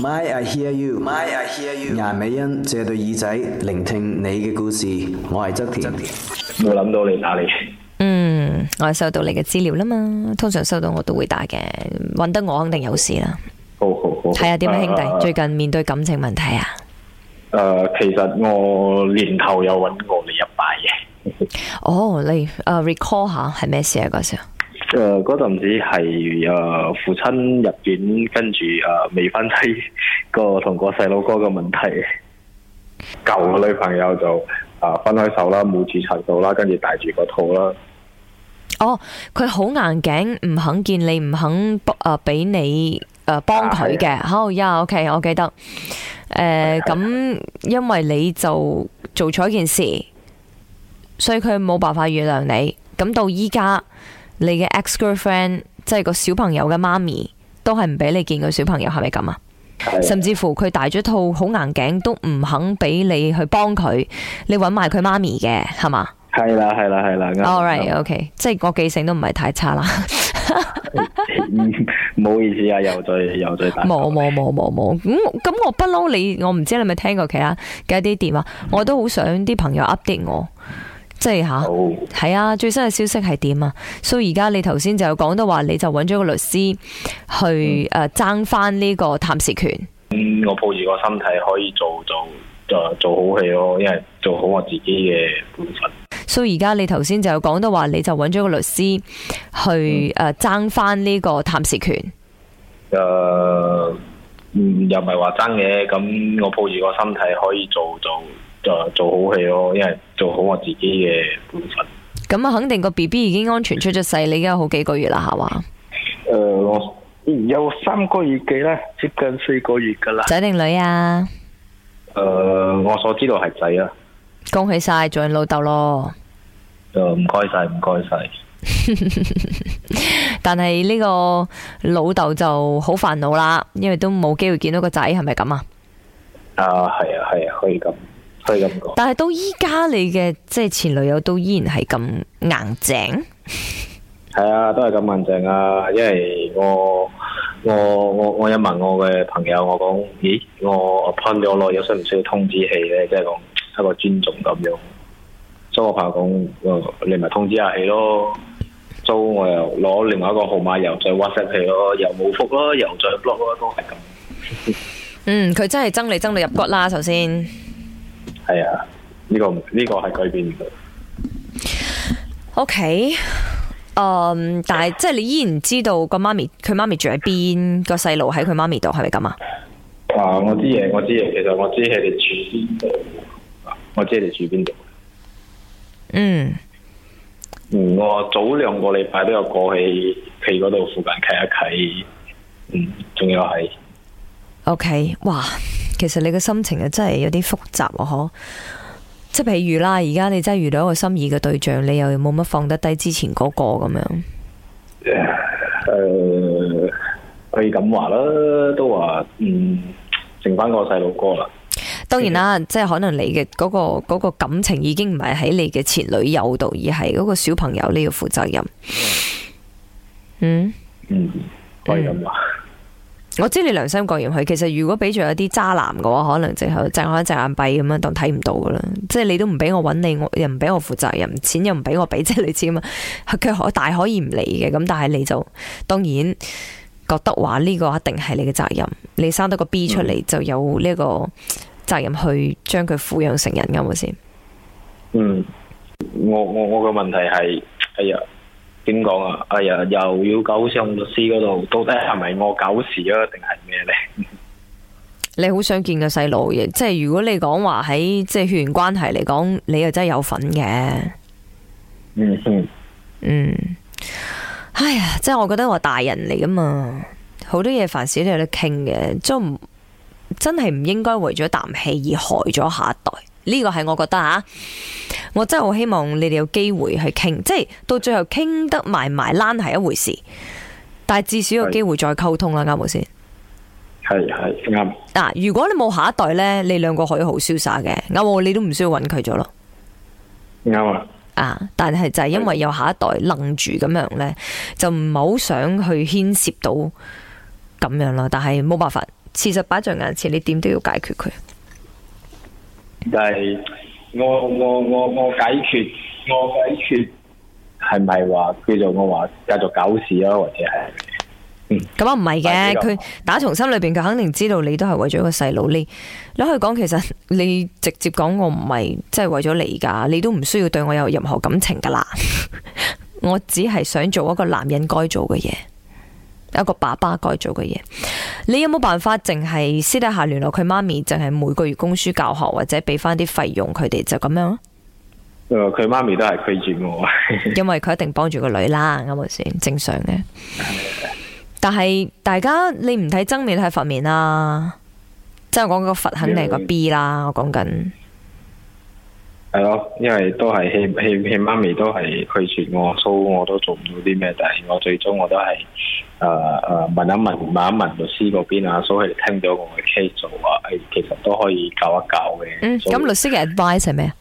My I hear you，My I hear you。顏美欣借對耳仔聆聽你嘅故事。我係側田，冇諗到你打你。嗯，我收到你嘅資料啦嘛，通常收到我都會打嘅，搵得我肯定有事啦。好好好，係啊，點啊，兄弟，uh, 最近面對感情問題啊？誒、uh,，其實我年頭有搵過你一擺嘅。哦、 oh,，你、uh, 誒 recall 下係咩事啊？嗰時？嗰、呃、陣時係誒、呃，父親入院，跟住誒未婚妻個同個細佬哥嘅問題，舊個女朋友就誒、呃、分開手啦，冇住陳數啦，跟住大住個肚啦。哦，佢好硬頸，唔肯見你，唔肯誒俾、呃、你誒幫佢嘅。好，yeah，ok，我記得誒。咁、呃、因為你就做錯一件事，所以佢冇辦法原諒你。咁到依家，你嘅 ex girlfriend 即係個小朋友嘅媽咪，都係唔俾你見個小朋友，係咪咁啊？甚至乎佢戴咗套好硬頸，都唔肯俾你去幫佢，你揾埋佢媽咪嘅，係嘛？係啦，係啦，係啦，all right、嗯、ok，、嗯、即係個記性都唔係太差啦。唔好意思啊，又再又再冇冇冇冇冇，咁咁、嗯、我不嬲你，我唔知你咪聽過其他嘅一啲電話？嗯、我都好想啲朋友 update 我。即係吓，係、oh. 啊！最新嘅消息係點啊？所以而家你頭先就有講到話，你就揾咗個律師去誒、mm. 啊、爭翻呢個探視權。我抱住個心態可以做做做做好戲咯，因為做好我自己嘅本分。所以而家你頭先就有講到話，你就揾咗個律師去誒、mm. 啊、爭翻呢個探視權。誒、uh,，又唔係話爭嘅，咁我抱住個心態可以做做。就做好戲咯，因為做好我自己嘅本分。咁啊，肯定個 B B 已經安全出咗世，你已經有好幾個月啦，係嘛？誒、呃，我有三個月幾啦，接近四個月噶啦。仔定女啊？誒、呃，我所知道係仔啊。恭喜晒，做人老豆咯。誒、呃，唔該晒，唔該晒。 但係呢個老豆就好煩惱啦，因為都冇機會見到個仔，係咪咁啊？啊，係啊，係啊，可以咁。係咁講，但係到依家你嘅即係前女友都依然係咁硬淨。係啊，都係咁硬淨啊！因為我我我我一問我嘅朋友，我講咦，我噴咗咯，有需唔需要通知佢咧？即係講一個尊重咁樣。所以我朋友講，你咪通知下佢咯。租我又攞另外一個號碼又再 WhatsApp 佢咯，又冇覆咯，又再 block 咯，都係咁。 嗯，佢真係憎你憎你入骨啦，首先。係啊，呢、這個呢、這個係改變嘅。OK，嗯，但係即係你依然知道個媽咪，佢媽咪住喺邊，個細路喺佢媽咪度係咪咁啊？啊，我知嘢，我知嘢。其實我知係你住邊度，我知你住邊度。嗯，嗯，我早兩個禮拜都有過去佢嗰度附近睇一睇。嗯，仲有係。OK，哇！其實你嘅心情啊，真係有啲複雜哦，嗬！即係譬如啦，而家你真係遇到一個心儀嘅對象，你又冇乜放得低之前嗰、嗰個咁樣。誒、呃，可以咁話啦，都話，嗯，剩翻個細路哥啦。當然啦，嗯、即係可能你嘅嗰、嗰個、嗰個感情已經唔係喺你嘅前女友度，而係嗰個小朋友呢要負責任。嗯。嗯，可以咁話。嗯我知你良心過意唔去。其實如果俾住一啲渣男嘅話，可能淨係淨開一隻眼閉咁樣，當睇唔到噶啦。即係你都唔俾我揾你，我又唔俾我負責任，錢又唔俾我俾，即係你知嘛。佢可大可以唔嚟嘅，咁但係你就當然覺得話呢個一定係你嘅責任，你生得個 B 出嚟，嗯，就有呢個責任去將佢撫養成人咁先。嗯，我我我嘅問題係係啊。哎呀點講啊？哎呀，又要搞上律師嗰度，到底係咪我搞事啊，定係咩呢？你好想見個細路嘅，即係如果你講話喺即係血緣關係嚟講，你又真係有份嘅。嗯嗯嗯，哎呀，即係我覺得話大人嚟噶嘛，好多嘢凡事你都有得傾嘅，唔真係唔應該為咗啖氣而害咗下一代。呢個係我覺得吓、啊，我真係好希望你哋有機會去傾，即係到最後傾得埋埋，爛係一回事，但係至少有機會再溝通啦，啱冇先？係係啱。嗱、啊，如果你冇下一代呢，你兩個可以好瀟灑嘅，啱、啊、冇？你都唔需要揾佢咗咯。啱啊。但係就係因為有下一代愣住咁樣呢，就唔係好想去牽涉到咁樣啦。但係冇辦法，事實擺在眼前，你點都要解決佢。但係我我我我解決我解決係咪係話叫做我話繼續搞事咯、啊，或者係嗯咁啊，唔係嘅，佢、這個、打從心裏邊佢肯定知道你都係為咗個細路。你你可以講，其實你直接講我唔係即係為咗你噶，你都唔需要對我有任何感情噶啦。 我只係想做一個男人該做嘅嘢。一個爸爸該做嘅嘢，你有冇辦法淨係私底下聯絡佢媽咪，淨係每個月供書教學或者俾翻啲費用佢哋就咁樣？誒，佢媽咪都係拒絕我，因為佢一定幫住個女啦，啱咪先？正常嘅。但係大家你唔睇僧面睇佛面啦，即係我講個佛肯定係個 B 啦，嗯、我講緊。係咯，因為都係棄媽咪都係拒絕我，所以我都做唔到啲咩。但係我最終我都係。誒誒，問一問，問一問律師嗰邊啊，所以聽咗我嘅 case 做啊，誒，其實都可以教一教嘅。咁律師嘅 advice 係咩啊？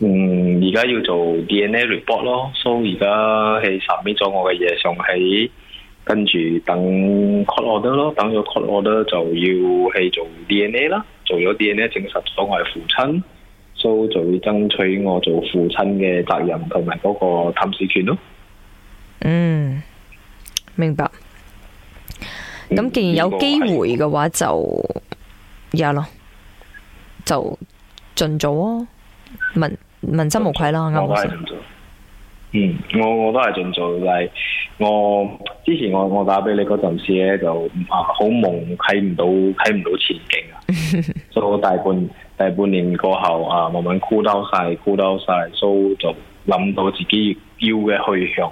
嗯，而家、嗯要，嗯、要做 DNA report 咯，所以而家係 submit 咗我嘅嘢，想係跟住等 court order 咯，等咗 court order 就要係做 DNA 啦，做咗 DNA 證實我係父親，所以就會爭取我做父親嘅責任同埋嗰個探視權咯。嗯。明白，咁既然有機會嘅話就入咯，嗯，就盡早哦，問問心無愧啦，啱唔啱？嗯，我我都係盡早嚟。我都係盡早，但係我之前我我打俾你嗰陣時咧就啊好懵，睇唔到睇唔到前景啊。做 大半大半年過後啊，慢慢枯嬲晒枯嬲晒，所以就諗到自己要嘅去向。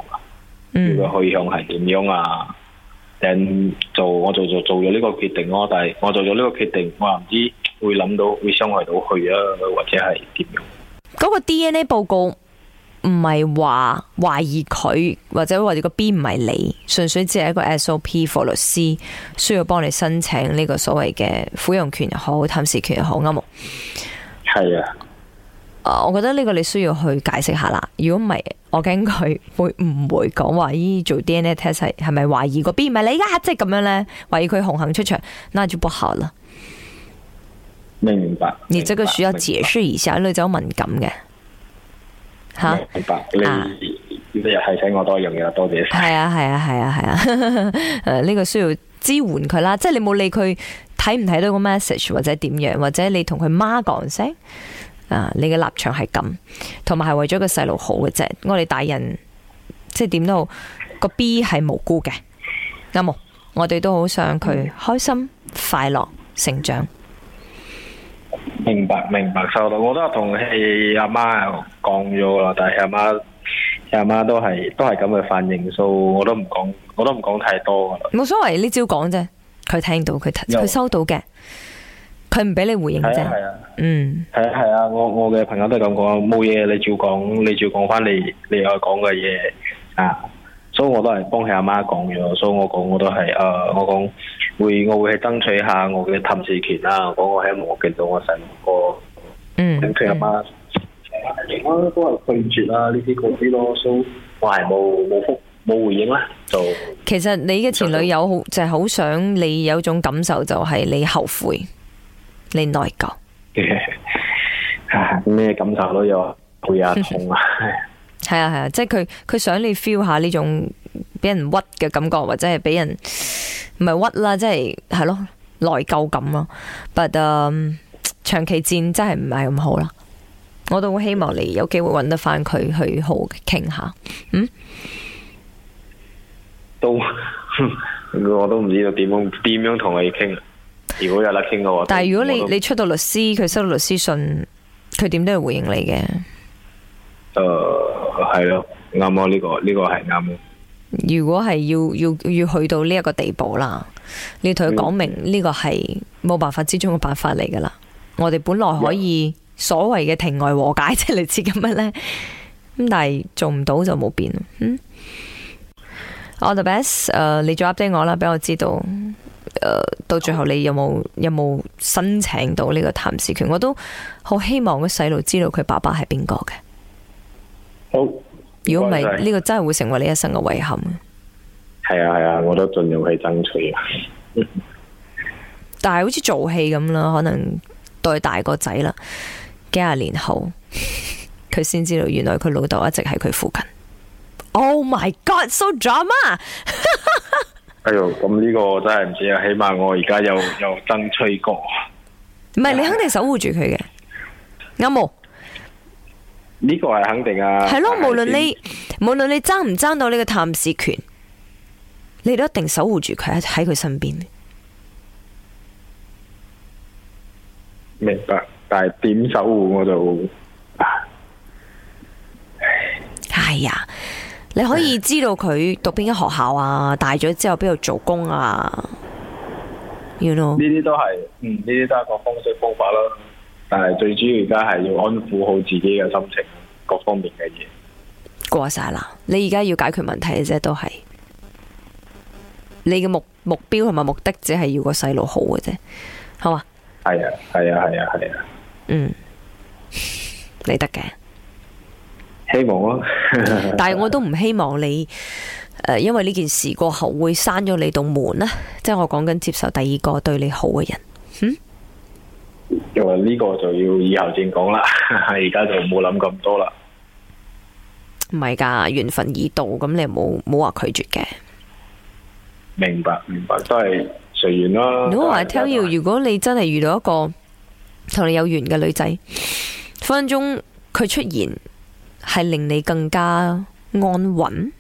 佢嘅去向係點樣啊？定做，我就做做咗呢個決定咯。但係我做咗呢個決定，我唔知會諗到會傷害到佢啊，或者係點樣？嗰個 DNA 報告唔係話懷疑佢，或者或者個 B 唔係你，純粹只係一個 SOP，for 律師需要幫你申請呢個所謂嘅撫養權好、探視權好，啱、嗯、冇？係啊。Uh, 我覺得呢個你需要去解釋下啦。如果唔係，我驚佢會唔會講話咦，做 DNA test 係咪懷疑嗰邊啊？唔係你而家即係咁樣咧，懷疑佢紅杏出牆，那就不好啦。明白。你這個需要解釋一下，女仔好敏感嘅吓。明白。明白你啊。今日係請我多樣嘢，多謝。係啊係啊係啊係啊。誒、啊，呢、啊啊啊啊啊 啊這個需要支援佢啦，即係你冇理佢睇唔睇到個 message 或者點樣，或者你同佢媽講聲。啊！你嘅立場係咁，同埋係為咗個細路好嘅啫。我哋大人即係點都好個 B 係無辜嘅，啱我哋都好想佢開心、快樂、成長。明白，明白收到。我都係同阿媽講咗啦，但係阿媽，阿媽都係都係咁嘅反應數，我都唔講，我都唔講太多噶啦。冇所謂，呢招要講啫，佢聽到，佢佢收到嘅。佢唔俾你回應啫，係啊，嗯，係啊，係啊，我我嘅朋友都係咁講，冇嘢，你照講，你照講翻你說你，你愛講嘅嘢啊，所以我都係幫佢阿媽講咗。所以我講我都係誒、啊，我講會我會去爭取下我嘅探視權啦，講我喺望見到我細個，嗯，親佢阿媽，都係拒絕啦，呢啲嗰啲咯，我係冇冇復冇回應啦，就其實你嘅前女友好就係、是、好想你有種感受就係你後悔。你內疚，咩、 啊、感受咯？又會啊、嗯、痛啊？係啊係啊，即係佢佢想你 feel 下呢種俾人屈嘅感覺，或者係俾人唔係屈啦，即係係咯內疚感咯。But 嗯、呃，長期戰真係唔係咁好啦。我都好希望你有機會搵得翻佢去好好傾下。嗯，都 我都唔知道點樣點樣同你傾。如果但係如果你你出到律師，佢收到律師信，佢點都要回應你嘅。誒，uh，係咯，啱啊，呢個呢個係啱嘅。如果係要要要去到呢一個地步啦，你要同佢講明呢個係冇辦法之中嘅辦法嚟噶啦。我哋本來可以所謂嘅庭外和解，即係類似咁樣呢。咁但係做唔到就冇變。嗯，All the best。誒，你再 update 我啦，俾我知道。呃、到最後你有冇有冇申請到呢個探視權？我都好希望個細路知道佢爸爸係邊個嘅。好，如果唔係呢個真係會成為你一生嘅遺憾。係啊係啊，yeah, yeah, 我都盡量去爭取 但係好似做戲咁啦，可能對大個仔啦，幾廿年後佢先知道原來佢老豆一直喺佢附近。Oh my god, so drama！ 哎呦，咁呢個我真係唔知啊！起碼我而家有有爭取過，唔係你肯定守護住佢嘅，啱冇呢個係肯定啊！係咯，無論你無論你爭唔爭到呢個探視權，你都一定守護住佢喺喺佢身邊。明白，但係點守護我就啊，哎呀。你可以知道佢讀邊間學校啊，大咗之後邊度做工啊，呢 you 啲 know? 都係，嗯，呢啲都係個方式方法啦。但係最主要而家係要安撫好自己嘅心情，各方面嘅嘢，過晒啦。你而家要解決問題嘅啫，都係你嘅目目標同埋目的，只係要個細路好嘅啫，好嗎？是啊，係啊，係啊，係啊，係啊，嗯，你得嘅。希望咯， 但係我都唔希望你誒、呃，因為呢件事過後會閂咗你道門咧。即係我講緊接受第二個對你好嘅人。哼、嗯，因為呢個就要以後先講啦，而家就冇諗咁多啦。唔係噶，緣分已到，咁你冇冇話拒絕嘅。明白明白，都係隨緣咯。如果話 tell you，如果你真係遇到一個同你有緣嘅女仔， 分分鐘佢出現。係令你更加安穩，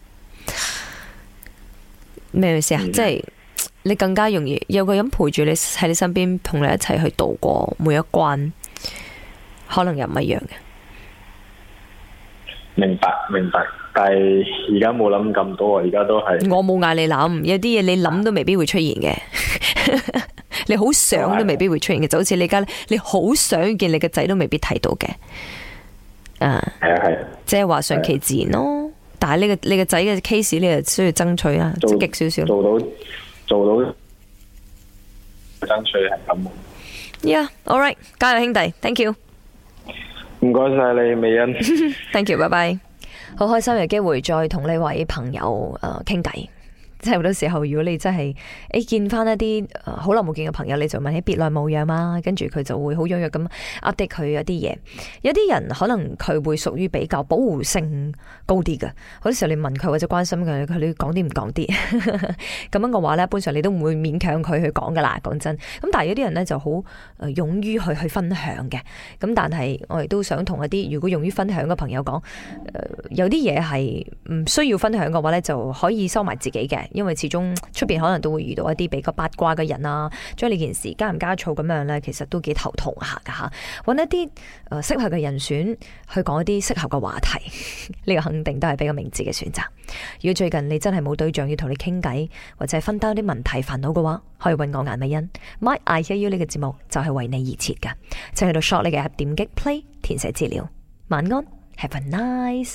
咩意思啊？嗯、即係你更加容易有個人陪住你喺你身邊，同你一齊去度過每一關，可能又唔一樣嘅。明白，明白，但係而家冇諗咁多啊！而家都係我冇嗌你諗，有啲嘢你諗都未必會出現嘅，你好想都未必會出現嘅， 就好似你而家，你好想見你嘅仔都未必睇到嘅。啊，係啊係，即係話順其自然咯，yeah. 但係呢個你個仔嘅 case，你就需要爭取啊，積極少少做到做到，做到爭取係咁。呀、yeah，All right，加油，兄弟，Thank you，唔該晒你，美欣 ，Thank you，拜拜，好開心有機會再同呢位朋友誒傾偈。呃即係好多時候，如果你真係誒、欸、見翻一啲好耐冇見嘅朋友，你就問起別來無恙啦，跟住佢就會好踴躍咁 update 佢一啲嘢。有啲人可能佢會屬於比較保護性高啲嘅，好多時候你問佢或者關心佢，佢你講啲唔講啲咁樣嘅話呢，基本上你都唔會勉強佢去講噶啦。講真，咁但係有啲人呢就好勇於去去分享嘅。咁但係我亦都想同一啲如果勇於分享嘅朋友講、呃，有啲嘢係唔需要分享嘅話呢，就可以收埋自己嘅。因為始終出邊可能都會遇到一啲比較八卦嘅人啊，將呢件事加唔加醋咁樣呢，其實都幾頭痛下噶吓。揾一啲適合嘅人選去講一啲適合嘅話題，呢 個肯定都係比較明智嘅選擇。如果最近你真係冇對象要同你傾偈，或者係分擔啲問題煩惱嘅話，可以揾我顏美欣。My I Hear U 呢個節目就係為你而設噶，請喺度 short 你嘅 app 點擊 play，填寫資料。晚安，Have a nice。